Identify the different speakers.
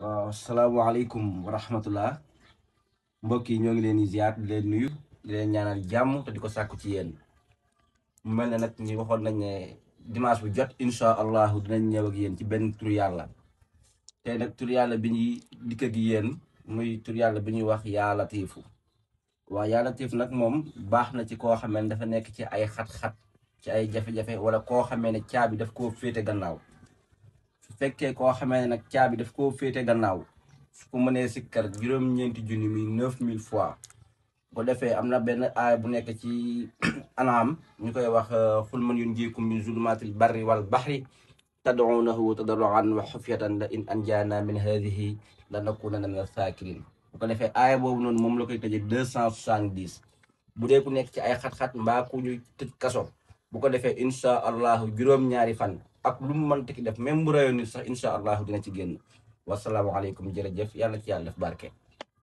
Speaker 1: waaw asalaamaaleykum wa rahmatullah mbokk yi ñoo ngi leen di ziar leen nuyu di leen ñaanal jàmm te di ko sàkku ci yéen mu mel ne nag ñu waxoon nañ ne dimanche bu jot incha allahu dinañ ñëw ak yéen ci benn tur yàlla tey nag tur yàlla bi ñuy dikk ak yéen muy tur yàlla bi ñuy wax yaa latiifu waaw yaa latiif nag moom baax na ci koo xamee ne dafa nekk ci ay xat-xat ci ay jafe-jafe wala koo xamee ne caabi daf koo féete gannaaw su fekkee koo xamee ne nag caabi daf koo féete gannaaw su ko mënee sikkar juróom-ñeenti junni muy neuf mille fois bu defee am na benn aay bu nekk ci anaam ñu koy wax xul euh, man yunjiikum min zulumaatil barri wal baxri tad'uunahu tadarruan wa xufyatan la in anjaana min haadihi la nakunanna mina saakiriin bu ko defee aaya boobu noonu moom la koy tëjee deux cent soixante-dix bu dee ku nekk ci ay xat-xat mbaa ñu tëj kaso bu ko defee incha allahu juróom-ñaari fan ak lu mu mënti ki def même bu rayoon nit sax incha allahu dina ci génn wasalaamualeykum jërëjëf yàlla ci yàlla def barke.